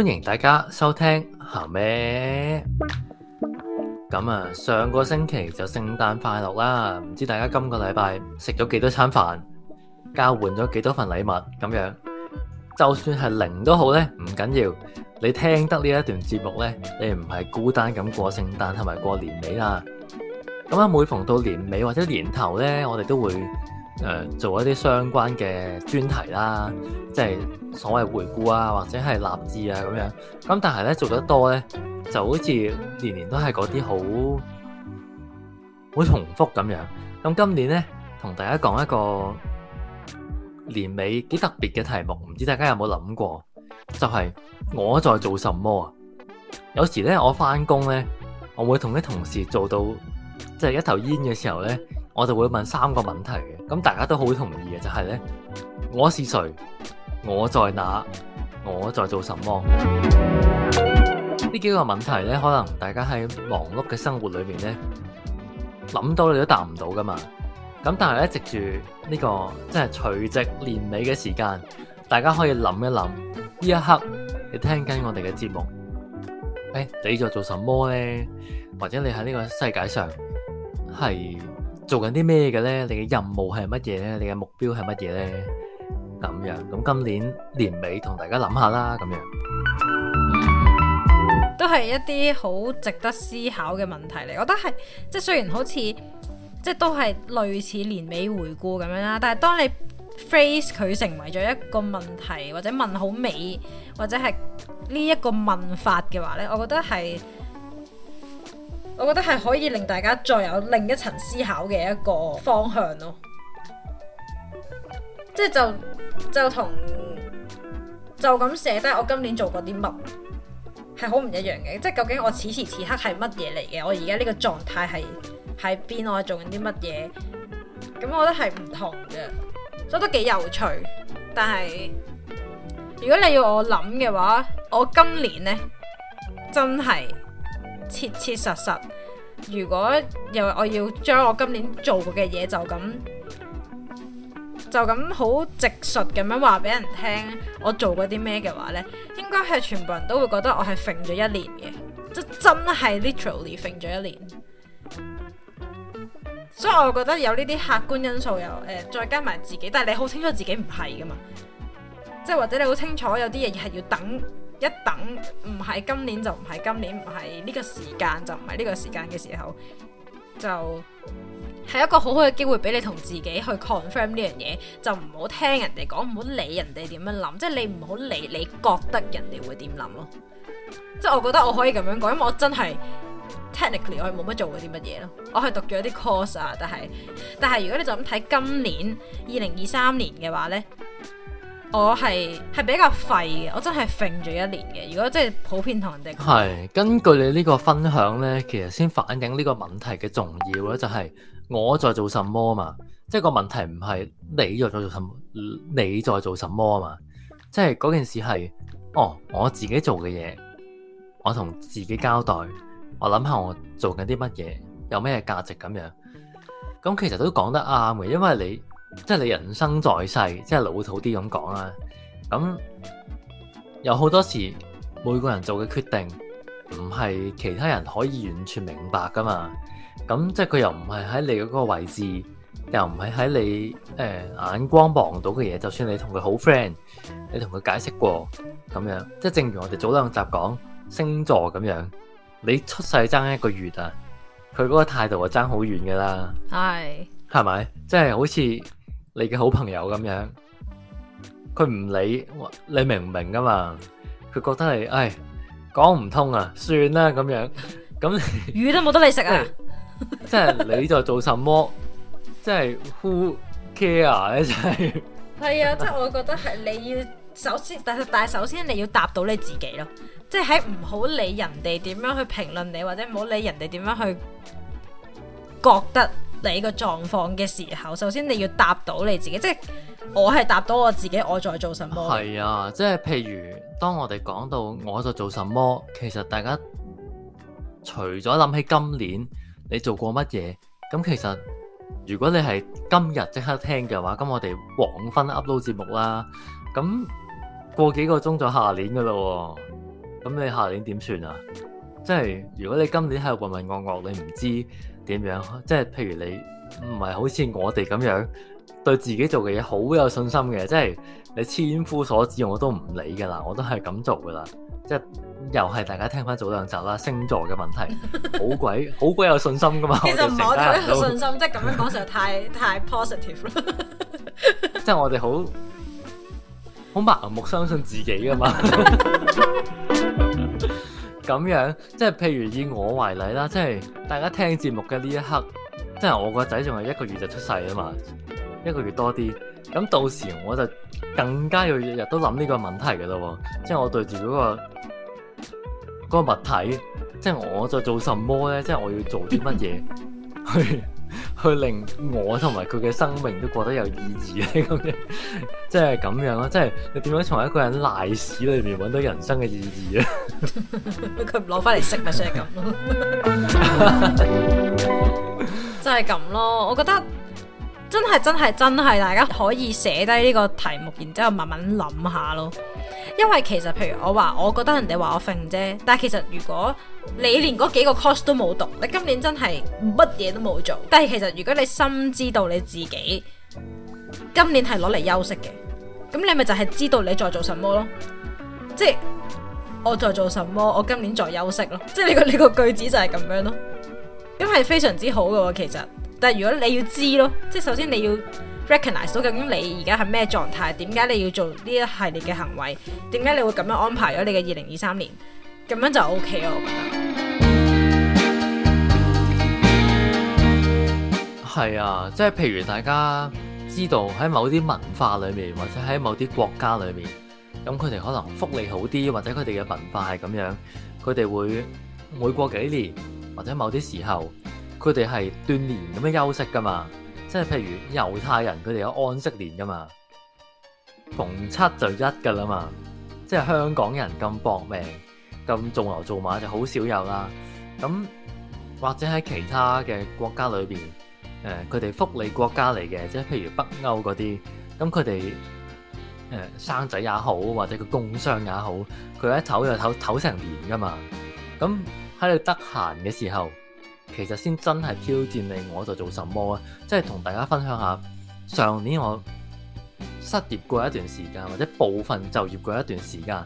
歡迎大家收聽行咩咁啊？上個星期就聖誕快樂啦！唔知大家今個禮拜食咗幾多餐飯，交換咗幾多份禮物咁樣，就算係零都好呢，唔緊要。你聽得呢一段節目呢，你唔係孤單咁過聖誕，係咪過年尾啦？咁啊，每逢到年尾或者年頭呢，我哋都會，誒、呃、做一啲相關嘅專題啦，即係所謂回顧啊，或者係立志啊咁樣。咁但係咧做得多咧，就好似年年都係嗰啲好好重複咁樣。咁今年咧，同大家講一個年尾幾特別嘅題目，唔知大家有冇諗過？就係、是、我在做什麼啊？有時咧，我返工咧，我會同啲同事做到即係、就是、一頭煙嘅時候咧。我就會問三個問題嘅，咁大家都好同意嘅就係呢：「我是誰？我在哪？我在做什麼？呢 幾個問題呢，可能大家喺忙碌嘅生活裏面呢，諗到你都答唔到噶嘛。咁但係咧，藉住呢個即係除夕年尾嘅時間，大家可以諗一諗呢一刻你聽緊我哋嘅節目、哎，你在做什麼呢？或者你喺呢個世界上係？做緊啲咩嘅呢？你嘅任務係乜嘢呢？你嘅目標係乜嘢呢？咁樣咁今年年尾同大家諗下啦，咁樣都係一啲好值得思考嘅問題嚟。我覺得係即係雖然好似即係都係類似年尾回顧咁樣啦，但係當你 phrase 佢成為咗一個問題，或者問好尾，或者係呢一個問法嘅話呢，我覺得係。我覺得係可以令大家再有另一層思考嘅一個方向咯，即係就就同就咁寫低我今年做過啲乜，係好唔一樣嘅。即係究竟我此時此刻係乜嘢嚟嘅？我而家呢個狀態係喺邊？我做緊啲乜嘢？咁我覺得係唔同嘅，所以都幾有趣。但係如果你要我諗嘅話，我今年呢，真係。切切實實，如果又我要將我今年做嘅嘢就咁就咁好直述咁樣話俾人聽，我做過啲咩嘅話呢，應該係全部人都會覺得我係揈咗一年嘅，即真係 literally 揈咗一年。所以我覺得有呢啲客觀因素又誒、呃，再加埋自己，但係你好清楚自己唔係噶嘛，即係或者你好清楚有啲嘢係要等。一等唔係今年就唔係今年，唔係呢個時間就唔係呢個時間嘅時候，就係一個好好嘅機會俾你同自己去 confirm 呢樣嘢，就唔好聽人哋講，唔好理人哋點樣諗，即係你唔好理你覺得人哋會點諗咯。即係我覺得我可以咁樣講，因為我真係 technically 我冇乜做過啲乜嘢咯，我係讀咗啲 course 啊，但係但係如果你就咁睇今年二零二三年嘅話呢。我係係比較廢嘅，我真係揈住一年嘅。如果真係普遍同人哋講，根據你呢個分享呢，其實先反映呢個問題嘅重要呢就係我在做什麼嘛，即係個問題唔係你又在做什麼，你在做什麼啊嘛，即係嗰件事係哦，我自己做嘅嘢，我同自己交代，我諗下我做緊啲乜嘢，有咩價值咁樣，咁其實都講得啱嘅，因為你。即係你人生在世，即係老土啲咁講啊！咁有好多時，每個人做嘅決定唔係其他人可以完全明白噶嘛。咁即係佢又唔係喺你嗰個位置，又唔係喺你誒、呃、眼光望到嘅嘢。就算你同佢好 friend，你同佢解釋過咁樣，即係正如我哋早兩集講星座咁樣，你出世爭一個月啊，佢嗰個態度就爭好遠噶啦。係，係咪？即係好似。你嘅好朋友咁樣，佢唔理，你明唔明噶嘛？佢覺得係，唉，講唔通啊，算啦咁樣。咁魚都冇得你食啊！即係你在做什麼？即係 Who care 咧？就係係 啊！即係我覺得係你要首先，但係但係首先你要答到你自己咯。即係喺，唔好理人哋點樣去評論你，或者唔好理人哋點樣去覺得。你個狀況嘅時候，首先你要答到你自己，即 係我係答到我自己，我在做，做什麼係啊，即係譬如當我哋講到我就做什麼其實大家除咗諗起今年你做過乜嘢，咁其實如果你係今日即刻聽嘅話，咁我哋黃昏 upload 節目啦，咁過幾個鐘就下年噶啦，咁你下年點算啊？即係如果你今年喺度混混噩噩，你唔知點樣。即係譬如你唔係好似我哋咁樣對自己做嘅嘢好有信心嘅。即係你千夫所指，我都唔理噶啦，我都係咁做噶啦。即係又係大家聽翻早兩集啦，星座嘅問題，好鬼好鬼有信心噶嘛。 其實唔係我哋有信心，即係咁樣講實在太太 positive 啦。 即係我哋好好盲目相信自己噶嘛。 咁樣，即係譬如以我為例啦，即係大家聽節目嘅呢一刻，即係我個仔仲係一個月就出世啊嘛，一個月多啲，咁到時我就更加要日日都諗呢個問題嘅咯，即係我對住嗰個嗰個物體，即係我就做什麼咧，即係我要做啲乜嘢去。 去令我同埋佢嘅生命都覺得有意義咧，咁樣即係咁樣咯，即係你點樣從一個人賴屎裏面揾到人生嘅意義啊？佢唔攞翻嚟識咪先係咁咯，就係咁咯。我覺得真係真係真係，大家可以寫低呢個題目，然之後慢慢諗下咯。因為其實譬如我話，我覺得人哋話我揈啫，但係其實如果你連嗰幾個 course 都冇讀，你今年真係乜嘢都冇做。但係其實如果你深知道你自己今年係攞嚟休息嘅，咁你咪就係知道你在做什麼咯？即係我在做什麼，我今年在休息咯。即係你個你個句子就係咁樣咯。咁係非常之好嘅，其實。但係如果你要知咯，即係首先你要。recognize 到究竟你而家係咩狀態？點解你要做呢一系列嘅行為？點解你會咁樣安排咗你嘅二零二三年？咁樣就 OK 囉。我覺得係啊，即係譬如大家知道喺某啲文化裏面，或者喺某啲國家裏面，咁佢哋可能福利好啲，或者佢哋嘅文化係咁樣，佢哋會每過幾年或者某啲時候，佢哋係斷年咁樣休息噶嘛。即係譬如猶太人佢哋有安息年㗎嘛，逢七就一㗎喇嘛。即係香港人咁搏命、咁做牛做馬就好少有啦。咁或者喺其他嘅國家裏邊，誒佢哋福利國家嚟嘅，即係譬如北歐嗰啲，咁佢哋誒生仔也好，或者佢工傷也好，佢一唞就唞唞成年㗎嘛。咁喺度得閒嘅時候，其實先真係挑戰你，我就做什麼啊？即係同大家分享下上年我失業過一段時間，或者部分就業過一段時間。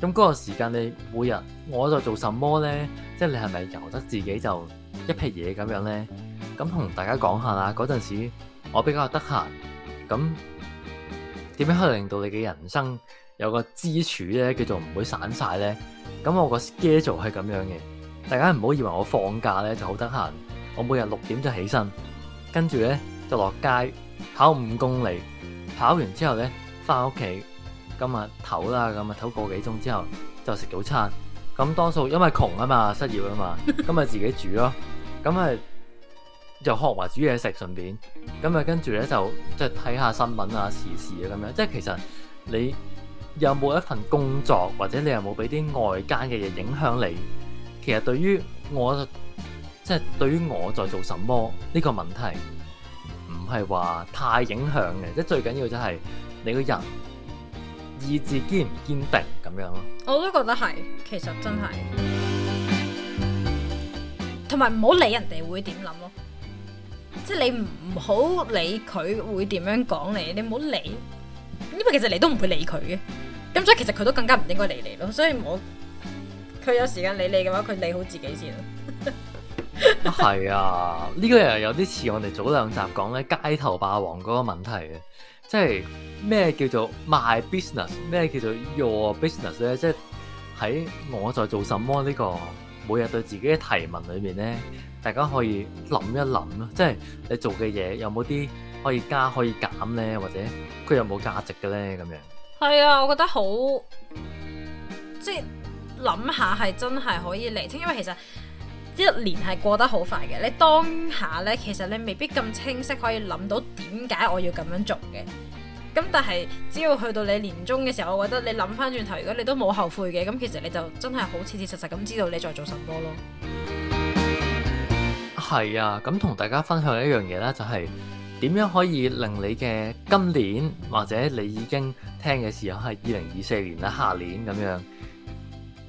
咁嗰個時間，你每日我就做什麼呢？即係你係咪由得自己就一批嘢咁樣呢？咁同大家講下啦。嗰陣時我比較得閒，咁點樣可以令到你嘅人生有個支柱呢？叫做唔會散晒呢。咁我個 schedule 係咁樣嘅。大家唔好以為我放假咧就好得閒。我每日六點就起身，跟住咧就落街跑五公里，跑完之後咧翻屋企，咁咪唞啦，咁啊唞個幾鐘之後就食早餐。咁多數因為窮啊嘛，失業啊嘛，咁咪自己煮咯。咁啊就學埋煮嘢食，順便咁啊跟住咧就即係睇下新聞啊時事啊咁樣。即係其實你有冇一份工作，或者你有冇俾啲外間嘅嘢影響你？其實對於我，即係對於我在做什麼呢個問題，唔係話太影響嘅，即係最緊要就係你個人意志堅唔堅定咁樣咯。我都覺得係，其實真係，同埋唔好理人哋會點諗咯，即係你唔好理佢會點樣講你，你唔好理，因為其實你都唔會理佢嘅，咁所以其實佢都更加唔應該理你咯。所以我。佢有時間理你嘅話，佢理好自己先。係 啊，這個、呢個又有啲似我哋早兩集講咧街頭霸王嗰個問題嘅，即係咩叫做 my business，咩叫做 your business 咧？即係喺我在做什麼呢、這個每日對自己嘅提問裏面咧，大家可以諗一諗咯。即係你做嘅嘢有冇啲可以加可以減咧，或者佢有冇價值嘅咧？咁樣係啊，我覺得好即係。諗下係真係可以厘清，因為其實一年係過得好快嘅。你當下呢，其實你未必咁清晰可以諗到點解我要咁樣做嘅。咁但係只要去到你年終嘅時候，我覺得你諗翻轉頭，如果你都冇後悔嘅，咁其實你就真係好切切實實咁知道你在做什麼咯。係啊，咁同大家分享一樣嘢咧，就係點樣可以令你嘅今年或者你已經聽嘅時候係二零二四年啦，下年咁樣。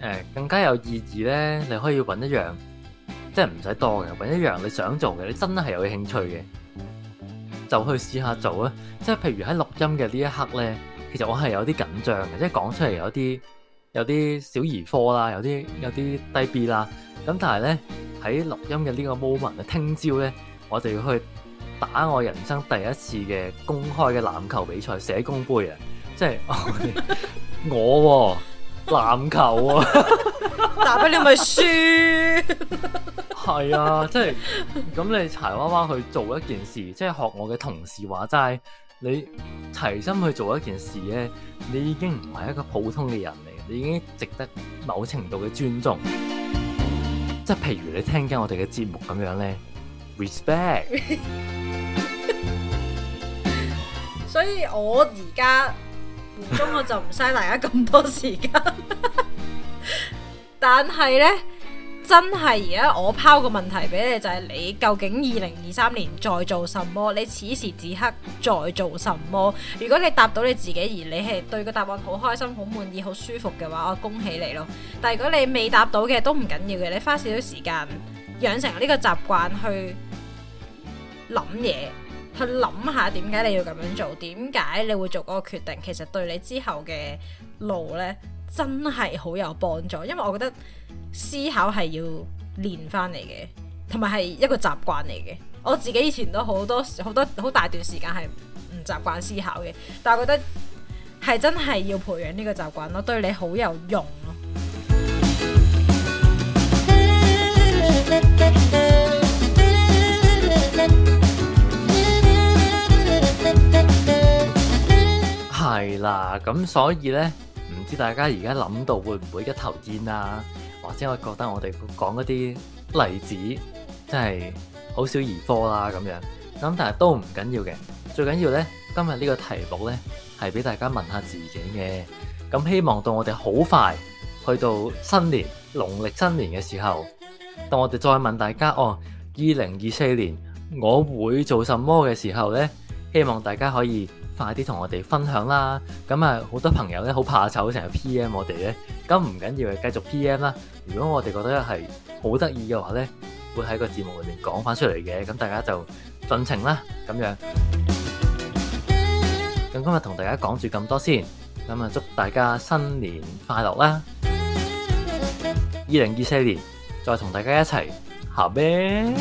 誒更加有意義咧，你可以揾一樣，即係唔使多嘅，揾一樣你想做嘅，你真係有興趣嘅，就去試下做啦。即係譬如喺錄音嘅呢一刻咧，其實我係有啲緊張嘅，即係講出嚟有啲有啲小兒科啦，有啲有啲低 B 啦。咁但係咧，喺錄音嘅呢個 moment，聽朝咧我就要去打我人生第一次嘅公開嘅籃球比賽，社工杯啊，即係我。 我哦籃籃球啊 打，打俾你咪輸。係啊，即係咁你柴娃娃去做一件事，即係學我嘅同事話齋，你齊心去做一件事咧，你已經唔係一個普通嘅人嚟，你已經值得某程度嘅尊重。即係譬如你聽緊我哋嘅節目咁樣咧，respect。 所以我而家。中我就唔嘥大家咁多時間， 但係呢，真係而家我拋個問題俾你，就係、是、你究竟二零二三年在做什麼？你此時此刻在做什麼？如果你答到你自己，而你係對個答案好開心、好滿意、好舒服嘅話，我恭喜你咯。但係如果你未答到嘅都唔緊要嘅，你花少少時間養成呢個習慣去諗嘢。去諗下點解你要咁樣做，點解你會做嗰個決定？其實對你之後嘅路呢，真係好有幫助。因為我覺得思考係要練翻嚟嘅，同埋係一個習慣嚟嘅。我自己以前都好多好多好大段時間係唔習慣思考嘅，但係覺得係真係要培養呢個習慣咯，對你好有用咯。 嗱，咁所以呢，唔知大家而家諗到會唔會一頭煙啊？或者我覺得我哋講嗰啲例子真係好少兒科啦咁樣。咁但係都唔緊要嘅，最緊要呢，今日呢個題目呢，係俾大家問下自己嘅。咁希望到我哋好快去到新年農曆新年嘅時候，當我哋再問大家哦，二零二四年我會做什麼嘅時候呢？希望大家可以。快啲同我哋分享啦！咁啊，好多朋友咧好怕醜，成日 PM 我哋咧，咁唔緊要，繼續 PM 啦。如果我哋覺得係好得意嘅話咧，會喺個節目裏面講翻出嚟嘅。咁大家就盡情啦，咁樣。咁 今日同大家講住咁多先，咁啊祝大家新年快樂啦！二零二四年再同大家一齊，好咩？